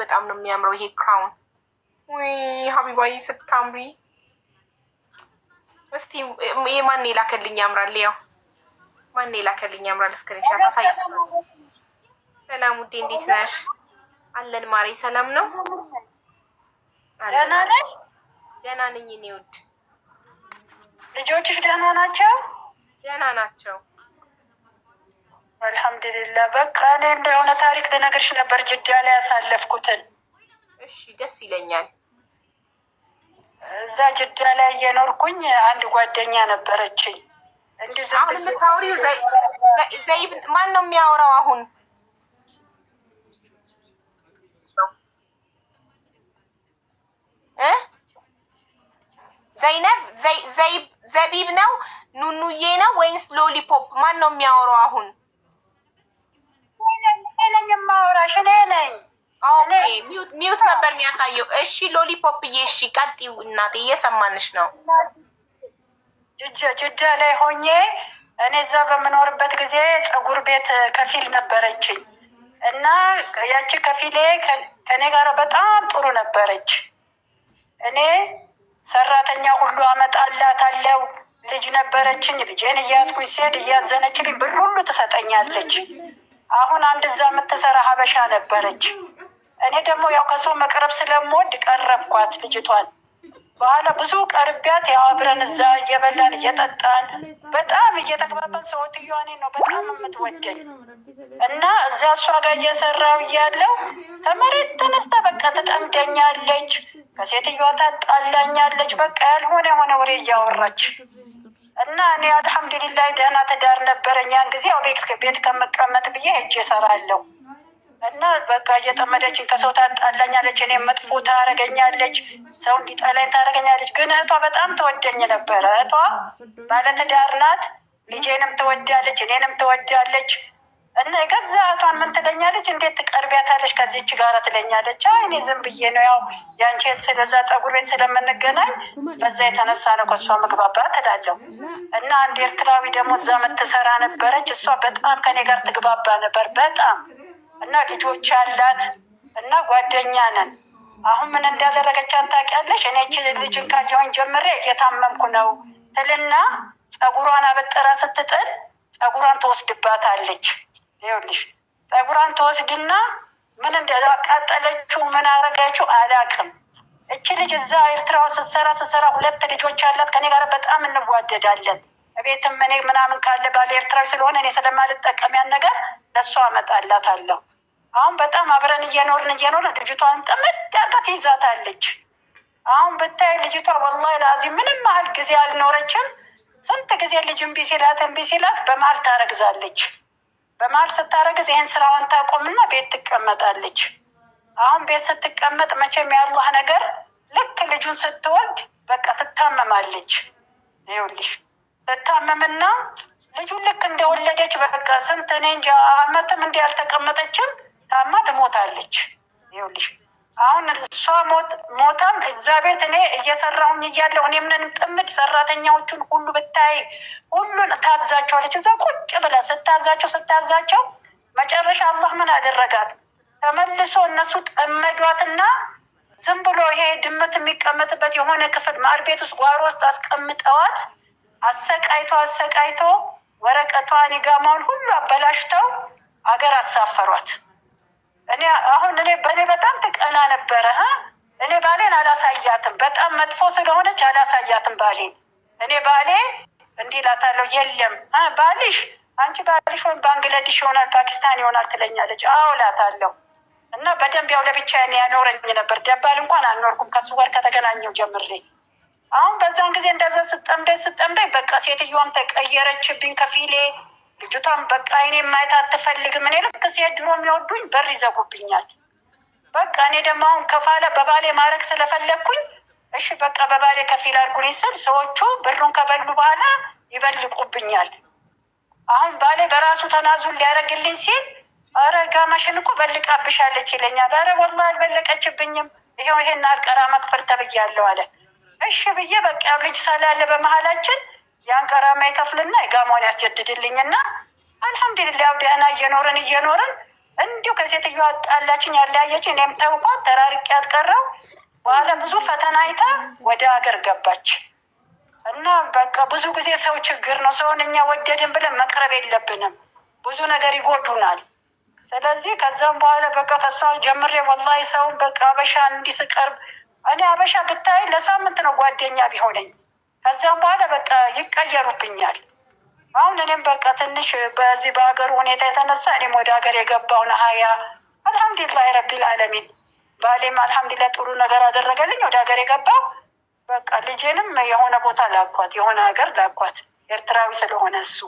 በጣም ነው የሚያምረው ይሄ ክራውን። ወይ ሀቢባዬ ስታምሪ! እስቲ ይሄ ማን የላከልኝ ያምራል። ያው ማን የላከልኝ ያምራል። እስክሪንሻት አሳይ። ሰላም ውዴ፣ እንዴት ነሽ? አለን ማሬ፣ ሰላም ነው። ደህና ነሽ? ደህና ነኝ እኔ ውድ። ልጆችሽ ደህና ናቸው? ደህና ናቸው። አልሐምዱሊላ። በቃ እኔ እንደሆነ ታሪክ ልነግርሽ ነበር ጅዳ ላይ ያሳለፍኩትን። እሺ፣ ደስ ይለኛል። እዛ ጅዳ ላይ እየኖርኩኝ አንድ ጓደኛ ነበረችኝ። አሁን የምታወሪው ዘይብ ማን ነው የሚያወራው? አሁን ዘይነብ ዘይብ ዘቢብ ነው ኑኑዬ ነው ወይንስ ሎሊፖፕ? ማን ነው የሚያወራው አሁን? ነኝ የማወራሽ እኔ ነኝ። ሚዩት ነበር የሚያሳየው። እሺ ሎሊፖፕዬ፣ እሺ ቀጥዩ እናቴ፣ እየሰማንሽ ነው። ጅዳ ላይ ሆኜ እኔ እዛ በምኖርበት ጊዜ ፀጉር ቤት ከፊል ነበረችኝ እና ያቺ ከፊሌ ከእኔ ጋር በጣም ጥሩ ነበረች። እኔ ሰራተኛ ሁሉ አመጣላታለሁ። ልጅ ነበረችኝ። ልጄን እያያዝኩኝ ሲሄድ እያዘነችልኝ ብር ሁሉ ትሰጠኛለች። አሁን አንድ እዛ የምትሰራ ሀበሻ ነበረች። እኔ ደግሞ ያው ከሰው መቅረብ ስለምወድ ቀረብኳት ልጅቷን። በኋላ ብዙ ቀርቢያት ያው አብረን እዛ እየበላን እየጠጣን በጣም እየተግባባን፣ ሰውትየዋ እኔን ነው በጣም የምትወደኝ እና እዛ እሷ ጋር እየሰራው እያለው ከመሬት ተነስታ በቃ ትጠምደኛለች፣ ከሴትዮዋ ታጣላኛለች። በቃ ያልሆነ የሆነ ወሬ እያወራች እና እኔ አልሐምዱሊላህ ደህና ትዳር ነበረኝ። ያን ጊዜ ያው ቤት ከመቀመጥ ብዬ ሄጄ እሰራለሁ እና በቃ እየጠመደችን ከሰው ታጣላኛለች፣ እኔ መጥፎ ታረገኛለች፣ ሰው እንዲጠላኝ ታረገኛለች። ግን እህቷ በጣም ተወደኝ ነበረ። እህቷ ባለትዳር ናት፣ ልጄንም ትወዳለች፣ እኔንም ትወዳለች። እና የገዛ እህቷን ምን ትለኛለች? እንዴት ትቀርቢያታለች? ከዚህች ጋር ትለኛለች። እኔ ዝም ብዬ ነው ያው የአንቺ ስለዛ ፀጉር ቤት ስለምንገናኝ በዛ የተነሳ ነው ከእሷ መግባባት ትላለሁ። እና አንድ ኤርትራዊ ደግሞ እዛ የምትሰራ ነበረች። እሷ በጣም ከኔ ጋር ትግባባ ነበር በጣም እና ልጆች አላት እና ጓደኛ ነን። አሁን ምን እንዳደረገች ታውቂያለሽ? እኔ ች ልጅን ካየሁኝ ጀምሬ እየታመምኩ ነው ትልና ፀጉሯን አበጠራ ስትጥል ፀጉሯን ትወስድባታለች። ይኸውልሽ ጸጉሯን ተወስድና ምን እንዳቃጠለችው ምን አረጋችው አላውቅም። እቺ ልጅ እዛ ኤርትራ ስትሰራ ስትሰራ ሁለት ልጆች አላት። ከኔ ጋር በጣም እንዋደዳለን። እቤትም እኔ ምናምን ካለ ባለ ኤርትራዊ ስለሆነ እኔ ስለማልጠቀም ያን ነገር ለእሷ አመጣላት አለው። አሁን በጣም አብረን እየኖርን እየኖርን ልጅቷን ጥምድ ትይዛታለች። አሁን ብታይ ልጅቷ ወላሂ ላዚ ምንም ያህል ጊዜ አልኖረችም። ስንት ጊዜ ልጅ እምቢ ሲላት እምቢ ሲላት በመሀል ታረግዛለች። በመሀል ስታደርግ ይህን ስራዋን ታቆምና ቤት ትቀመጣለች። አሁን ቤት ስትቀመጥ መቼም የአላህ ነገር ልክ ልጁን ስትወልድ በቃ ትታመማለች። ይኸውልሽ ትታመምና ልጁን ልክ እንደወለደች በቃ ስንት እኔ እንጃ አመትም እንዲህ አልተቀመጠችም ታማ ትሞታለች። ይኸውልሽ አሁን እሷ ሞታም እዛ ቤት እኔ እየሰራሁኝ እያለሁ እኔ ምንንም ጥምድ ሰራተኛዎቹን ሁሉ ብታይ ሁሉን ታዛቸዋለች። እዛ ቁጭ ብላ ስታዛቸው ስታዛቸው መጨረሻ አላህ ምን አደረጋት? ተመልሶ እነሱ ጠመዷትና ዝም ብሎ ይሄ ድመት የሚቀመጥበት የሆነ ክፍል ማር ቤት ውስጥ ጓሮ ውስጥ አስቀምጠዋት አሰቃይቶ አሰቃይቶ ወረቀቷን ጋማውን ሁሉ አበላሽተው አገር አሳፈሯት። እኔ አሁን እኔ በእኔ በጣም ትቀና ነበረ። እኔ ባሌን አላሳያትም፣ በጣም መጥፎ ስለሆነች አላሳያትም ባሌን። እኔ ባሌ እንዲህ እላታለሁ፣ የለም ባልሽ፣ አንቺ ባልሽ ወይም ባንግላዴሽ ይሆናል ፓኪስታን ይሆናል ትለኛለች። አዎ እላታለሁ። እና በደንብ ያው ለብቻዬን ያኖረኝ ነበር። ደባል እንኳን አልኖርኩም ከሱ ጋር ከተገናኘው ጀምሬ። አሁን በዛን ጊዜ እንደዛ ስጠምደኝ ስጠምደኝ፣ በቃ ሴትዮዋም ተቀየረችብኝ ከፊሌ ልጅቷን በቃ እኔ ማየት አትፈልግም። እኔ ልክ ሴት ድሮ የሚወዱኝ በር ይዘጉብኛል። በቃ እኔ ደግሞ አሁን ከፋለ በባሌ ማድረግ ስለፈለግኩኝ እሺ በቃ በባሌ ከፊል አድርጉኝ ስል ሰዎቹ ብሩን ከበሉ በኋላ ይበልቁብኛል። አሁን ባሌ በራሱ ተናዙን ሊያደርግልኝ ሲል አረ ጋማሽን እኮ በልቃብሻለች ይለኛል። አረ ወላ አልበለቀችብኝም፣ ይኸው ይሄን አርቀራ መክፈል ተብያለሁ አለ። እሺ ብዬ በቃ ያው ልጅ ሳላለ በመሀላችን የአንካራ ከራማ የጋማን ያስጀድድልኝና አልሐምዱሊላ ያው ደህና እየኖርን እየኖርን እንዲሁ ከሴትዮ ጣላችን ያለያየችን እኔም ጠውቋት ተራርቄ ያትቀረው በኋላ ብዙ ፈተና አይታ ወደ ሀገር ገባች እና በቃ ብዙ ጊዜ ሰው ችግር ነው። ሰውን እኛ ወደድን ብለን መቅረብ የለብንም። ብዙ ነገር ይጎዱናል። ስለዚህ ከዛም በኋላ በቃ ከሷ ጀምሬ ወላሂ ሰውን በቃ አበሻ እንዲስቀርብ እኔ አበሻ ብታይ ለሳምንት ነው ጓደኛ ቢሆነኝ ከዚያም በኋላ በቃ ይቀየሩብኛል። አሁን እኔም በቃ ትንሽ በዚህ በሀገሩ ሁኔታ የተነሳ እኔም ወደ ሀገር የገባውን ሀያ አልሐምዱሊላህ ረቢል አለሚን ባሌም አልሐምዱሊላህ ጥሩ ነገር አደረገልኝ። ወደ ሀገር የገባው በቃ ልጄንም የሆነ ቦታ ላኳት፣ የሆነ ሀገር ላኳት። ኤርትራዊ ስለሆነ እሱ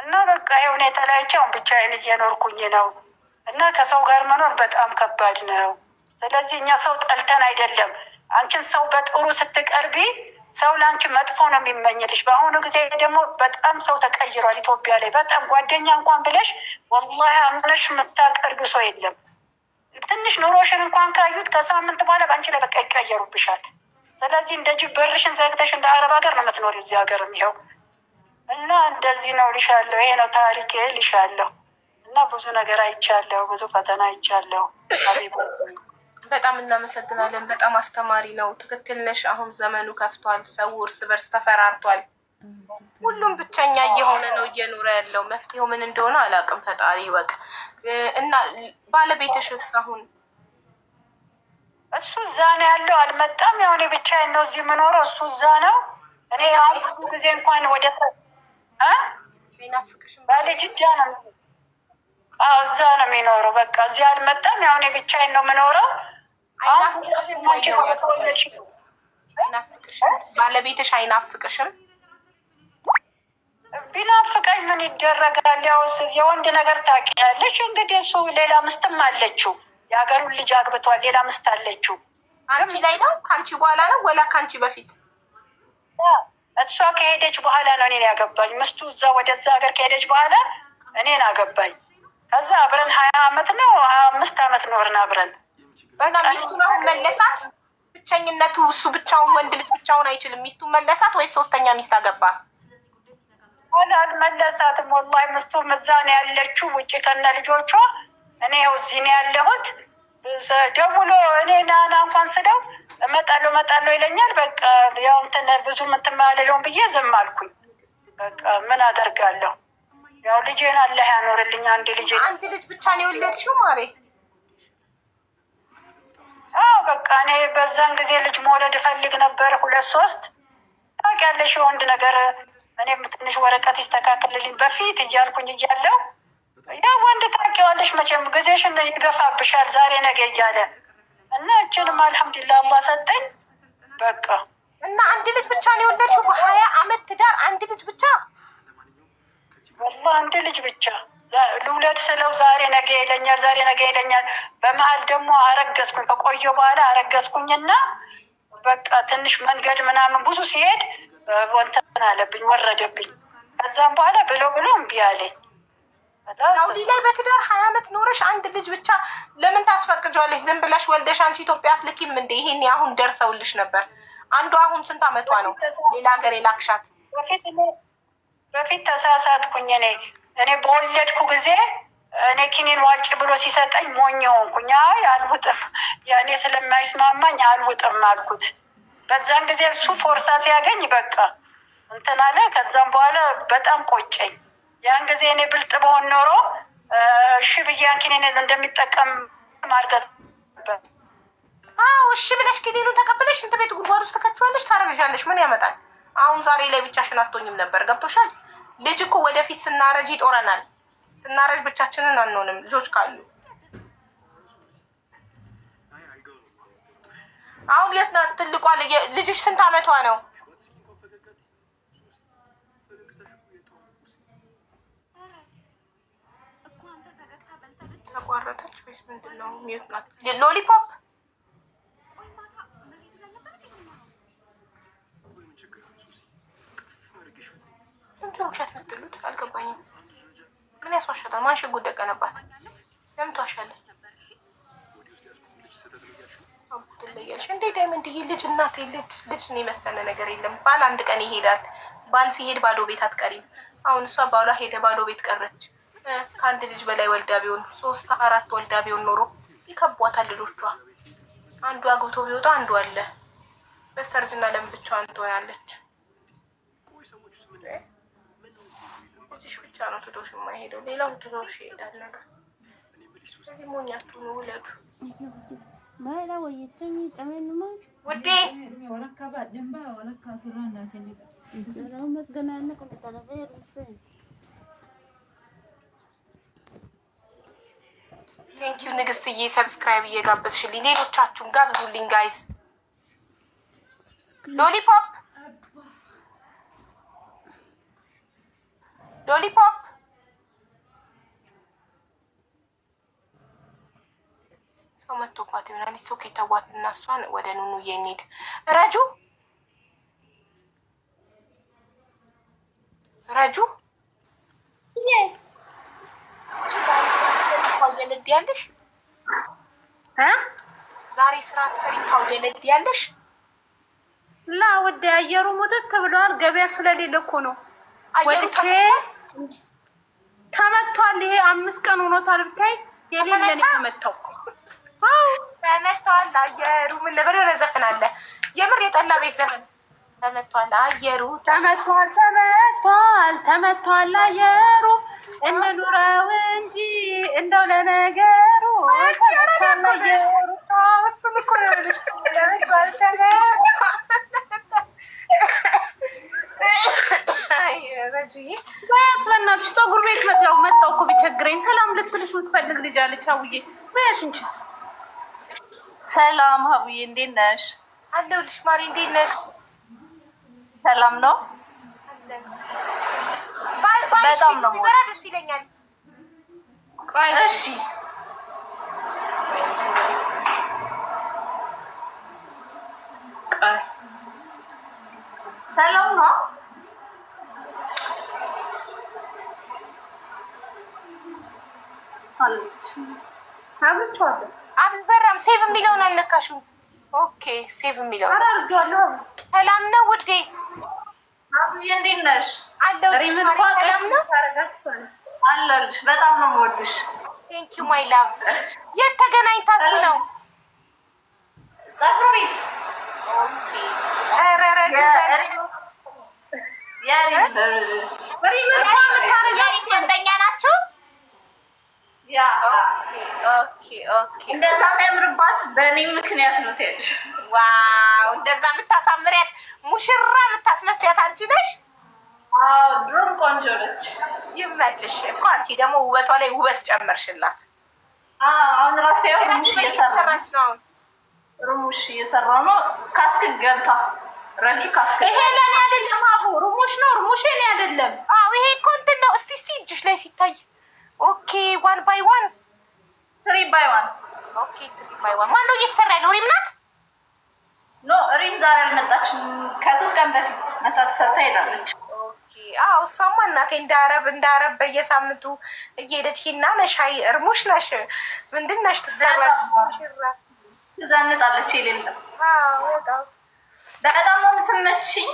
እና በቃ ይሄ ሁኔታ ላይ አሁን ብቻዬን እየኖርኩኝ ነው እና ከሰው ጋር መኖር በጣም ከባድ ነው። ስለዚህ እኛ ሰው ጠልተን አይደለም አንቺን ሰው በጥሩ ስትቀርቢ ሰው ለአንቺ መጥፎ ነው የሚመኝልሽ። በአሁኑ ጊዜ ደግሞ በጣም ሰው ተቀይሯል ኢትዮጵያ ላይ በጣም ጓደኛ እንኳን ብለሽ ወላሂ አምነሽ የምታቀርጊው ሰው የለም። ትንሽ ኑሮሽን እንኳን ካዩት ከሳምንት በኋላ በአንቺ ላይ በቃ ይቀየሩብሻል። ስለዚህ እንደ ጅብ በርሽን ዘግተሽ እንደ አረብ ሀገር ነው የምትኖሪ እዚህ ሀገር ይኸው እና እንደዚህ ነው ልሻለሁ። ይሄ ነው ታሪክ ልሻለሁ እና ብዙ ነገር አይቻለሁ። ብዙ ፈተና አይቻለሁ። በጣም እናመሰግናለን። በጣም አስተማሪ ነው። ትክክል ነሽ። አሁን ዘመኑ ከፍቷል። ሰው እርስ በርስ ተፈራርቷል። ሁሉም ብቸኛ እየሆነ ነው እየኖረ ያለው። መፍትሄው ምን እንደሆነ አላውቅም። ፈጣሪ ይወቅ እና ባለቤትሽስ አሁን እሱ እዛ ነው ያለው፣ አልመጣም። ያው እኔ ብቻዬን ነው እዚህ የምኖረው። እሱ እዛ ነው። እኔ አሁን ብዙ ጊዜ እንኳን ወደ ባለጅዳ ነው እዛ ነው የሚኖረው። በቃ እዚህ አልመጣም። ያው እኔ ብቻዬን ነው የምኖረው። አይናፍቅሽም? ባለቤትሽ አይናፍቅሽም? ቢናፍቀኝ ምን ይደረጋል? ያው የወንድ ነገር ታውቂያለሽ። እንግዲህ እሱ ሌላ ምስትም አለችው፣ የሀገሩን ልጅ አግብቷል። ሌላ ምስት አለችው። አንቺ ላይ ነው? ከአንቺ በኋላ ነው ወላ ከአንቺ በፊት? እሷ ከሄደች በኋላ ነው እኔን ያገባኝ። ምስቱ እዛ ወደዛ ሀገር ከሄደች በኋላ እኔን አገባኝ። ከዛ አብረን ሀያ አመት ነው ሀያ አምስት አመት ኖርን አብረን በና ሚስቱን አሁን መለሳት። ብቸኝነቱ እሱ ብቻውን ወንድ ልጅ ብቻውን አይችልም። ሚስቱን መለሳት ወይስ ሶስተኛ ሚስት አገባ? አልመለሳትም። ወላሂ ሚስቱም እዛ ነው ያለችው ውጭ ከነ ልጆቿ። እኔ ው እዚህ ነው ያለሁት። ደውሎ እኔ ናና እንኳን ስለው እመጣለሁ እመጣለሁ ይለኛል። በቃ ያው እንትን ብዙ የምትመላለለውን ብዬ ዝም አልኩኝ። በቃ ምን አደርጋለሁ? ያው ልጄን አላህ ያኖርልኝ። አንድ ልጅ አንድ ልጅ ብቻ ነው የወለድሽው ማሬ በቃ እኔ በዛን ጊዜ ልጅ መውለድ እፈልግ ነበር ሁለት ሶስት ታውቂያለሽ፣ የወንድ ነገር እኔም ትንሽ ወረቀት ይስተካከልልኝ በፊት እያልኩኝ እያለው ያ ወንድ ታውቂዋለሽ መቼም ጊዜሽን ይገፋብሻል ዛሬ ነገ እያለ እና እችንም አልሐምዱላ አላህ ሰጠኝ በቃ እና አንድ ልጅ ብቻ ነው የወለድሽው በሀያ አመት ትዳር አንድ ልጅ ብቻ ወላ አንድ ልጅ ብቻ ልውለድ ስለው ዛሬ ነገ ይለኛል፣ ዛሬ ነገ ይለኛል። በመሀል ደግሞ አረገዝኩኝ። ከቆየ በኋላ አረገዝኩኝና በቃ ትንሽ መንገድ ምናምን ብዙ ሲሄድ ወንተን አለብኝ፣ ወረደብኝ። ከዛም በኋላ ብሎ ብሎ እምቢ አለኝ። ሳውዲ ላይ በትዳር ሀያ ዓመት ኖረሽ አንድ ልጅ ብቻ ለምን ታስፈቅጃለሽ? ዝም ብለሽ ወልደሽ አንቺ ኢትዮጵያ አትልኪም እንዴ? ይሄን አሁን ደርሰውልሽ ነበር። አንዱ አሁን ስንት ዓመቷ ነው? ሌላ ሀገር የላክሻት በፊት ተሳሳትኩኝ እኔ እኔ በወለድኩ ጊዜ እኔ ኪኒን ዋጭ ብሎ ሲሰጠኝ ሞኝ ሆንኩኝ። አይ አልውጥም፣ ያኔ ስለማይስማማኝ አልውጥም አልኩት። በዛን ጊዜ እሱ ፎርሳ ሲያገኝ በቃ እንትን አለ። ከዛም በኋላ በጣም ቆጨኝ። ያን ጊዜ እኔ ብልጥ በሆን ኖሮ እሺ ብያን ኪኒን እንደሚጠቀም ማርገዝ ነበር። እሺ ብለሽ ኪኒኑን ተቀብለሽ እንትን ቤት ጉድጓድ ውስጥ ተከችዋለሽ፣ ታረግሻለሽ። ምን ያመጣል? አሁን ዛሬ ላይ ብቻሽን አትሆኝም ነበር። ገብቶሻል? ልጅ እኮ ወደፊት ስናረጅ ይጦረናል። ስናረጅ ብቻችንን አንሆንም ልጆች ካሉ። አሁን የት ናት ትልቋ ልጅሽ? ስንት አመቷ ነው? ተቋረጠች ወይስ ምንድን ነው? የት ናት ሎሊፖፕ? ያሉት? አልገባኝም። ምን ያስዋሻታል? ማን ሽጉጥ ደቀነባት? ለምን ትዋሻለች? ትለያለሽ እንዴ ዳይመንድዬ? ልጅ እናቴ፣ ልጅ ልጅ ነው የመሰለ ነገር የለም። ባል አንድ ቀን ይሄዳል። ባል ሲሄድ ባዶ ቤት አትቀሪም። አሁን እሷ ባሏ ሄደ፣ ባዶ ቤት ቀረች። ከአንድ ልጅ በላይ ወልዳ ቢሆን ሶስት አራት ወልዳ ቢሆን ኖሮ ይከቧታል ልጆቿ። አንዱ አግብቶ ቢወጣ አንዱ አለ። በስተርጅና ለምን ብቻዋን ትሆናለች? እዚህ ብቻ ነው ትቶሽ የማይሄደው፣ ሌላው ትቶሽ ይሄዳል። ነገር ስለዚህ ሞኛቱ ነው ውለዱ ውዴ ቴንኪዩ ንግስትዬ፣ ሰብስክራይብ እየጋበዝሽልኝ ሌሎቻችሁን ጋብዙልኝ ጋይስ ሎሊፖፕ ሎሊፖፕ ሰው መቶባት ይሆናል። ሰው ከተዋት እና እሷን ወደ ኑኑ የኒድ ረጁ ረጁ ጀለድ ያለሽ ዛሬ ስራ ተሰሪታው ጀለድ ያለሽ ላ ወደ አየሩ ሙጥት ብለዋል። ገበያ ስለሌለ እኮ ነው ወጥቼ ተመቷል። ይሄ አምስት ቀን ሆኖታል። ብታይ የሌለን የተመታው ተመቷል። አየሩ ምን ነበር የሆነ ዘፈን አለ የምር የጠላ ቤት ዘፈን ተመቷል አየሩ ተመቷል ተመቷል ተመቷል አየሩ እንኑረው እንጂ እንደው ለነገሩ ተመቷል አየሩ እሱን እኮ ነው ያለችው ተመቷል ፀጉር ቤት መጥላው መጣው እኮ ቢቸግረኝ ሰላም ልትልሽ የምትፈልግ ልጅ አለች። አውዬ በያሽ እንጂ ሰላም አቡዬ፣ እንዴት ነሽ? አለሁልሽ ማሪ፣ እንዴት ነሽ? ሰላም ነው። በጣም ነው ደስ ይለኛል። እሺ ሰላም ነው አብርቼዋለሁ። ሴቭ የሚለውን አልነካሽም። ኦኬ ሴቭ የሚለውን ሰላም ነው ውዴ። ቴንክ ዩ ማይ ላቭ። የት ተገናኝታችሁ ነው? ፀጉር ቤት ደንበኛ ናቸው። እንደዛ የሚያምርባት በእኔ ምክንያት ነው። ትሄድሽ ዋው! እንደዛ የምታሳምሪያት ሙሽራ የምታስመስያት አንቺ ነሽ። ድሮም ቆንጆ ነች። ይመችሽ እኮ አንቺ ደግሞ ውበቷ ላይ ውበት ጨመርሽላት። አሁን ራሱ እየሰራች ነው። ሩሙሽ እየሰራሁ ነው። ካስክ ገብታ ረጁ ካስክ ይሄ ለእኔ አይደለም። አቡ ሩሙሽ ነው። ሩሙሽ እኔ አይደለም። ይሄ እኮ እንትን ነው። እስቲ እስቲ እጅሽ ላይ ሲታይ ኦኬ ዋን ባይ ዋን ትሪ ባይ ዋን ኦኬ ትሪ ባይ ዋን ዋን እየተሰራ ያለው ሪም ናት ኖ ሪም ዛሬ አልመጣች ከሶስት ቀን በፊት መታ ተሰርታ ሄዳለች ኦኬ አዎ እሷማ እናቴ እንዳረብ እንዳረብ በየሳምንቱ እየሄደች ሂና ነሽ እርሙሽ ነሽ ምንድን ነሽ ትሰራለሽ ትዘንጣለች በጣም ነው የምትመችኝ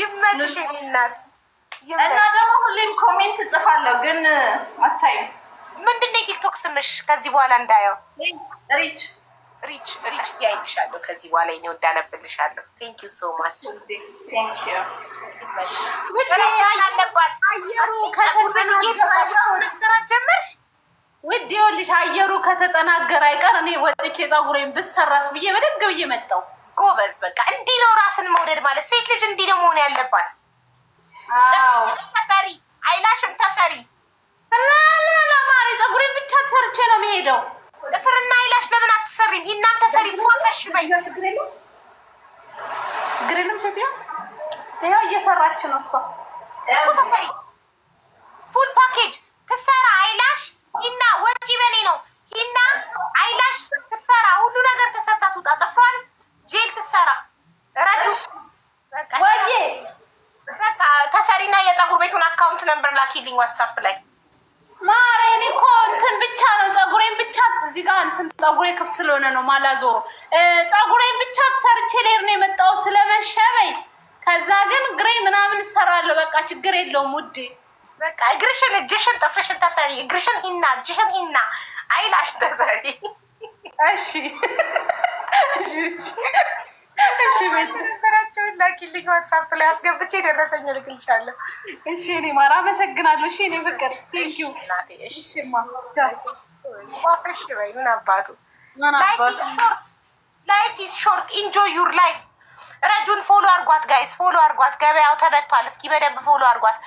ይመችሽ እናት እና ደግሞ ሁሌም ኮሜንት እጽፋለሁ ግን ምንድን ነው የቲክቶክ ስምሽ? ከዚህ በኋላ እንዳየው ሪች ሪች ሪች እያይልሻለሁ። ከዚህ በኋላ ኔ እንዳነብልሻለሁ። ቴንክ ዩ ሶ ማች ውድ ይኸውልሽ፣ አየሩ ከተጠናገረ አይቀር እኔ ወጥቼ ፀጉሬን ብሰራስ ብዬ በደንብ ብዬ መጣሁ። ጎበዝ፣ በቃ እንዲህ ነው ራስን መውደድ ማለት። ሴት ልጅ እንዲህ ነው መሆን ያለባት። ተሰሪ አይላሽም ተሰሪ ላላ ማሪ ፀጉሬን ብቻ ተሰርቼ ነው የሚሄደው። ጥፍርና አይላሽ ለምን አትሰሪም? ይናም ተሰሪ በይ። ችግር የለም ሴትዮ፣ ይኸው እየሰራች ነው እሷ። ተሰሪ ፉል ፓኬጅ ትሰራ ላኪልኝ ዋትሳፕ ላይ ማሬ። እኔ እኮ እንትን ብቻ ነው ፀጉሬን ብቻ እዚህ ጋር እንትን ፀጉሬ ክፍት ስለሆነ ነው ማላዞሮ ፀጉሬን ብቻ ሰርቼ ልሄድ ነው የመጣው ስለመሸበኝ። ከዛ ግን ግሬ ምናምን እሰራለሁ። በቃ ችግር የለውም ውዴ። በቃ እግርሽን፣ እጅሽን፣ ጥፍርሽን ተሰሪ። እግርሽን ሂና፣ እጅሽን ሂና፣ አይላሽ ተሰሪ። እሺ እሺ እሺ ቤት ላኪልኝ ዋትሳፕ ላይ አስገብቼ የደረሰኝ እልክልሻለሁ። እሺ እኔ ማር አመሰግናለሁ። እሺ እኔ ፍቅር ዩ። እሺ በይ ምን አባቱ ላይፍ ኢዝ ሾርት ኢንጆይ ዩር ላይፍ። ረጁን ፎሎ አርጓት ጋይስ፣ ፎሎ አርጓት። ገበያው ተበቷል። እስኪ በደንብ ፎሎ አርጓት።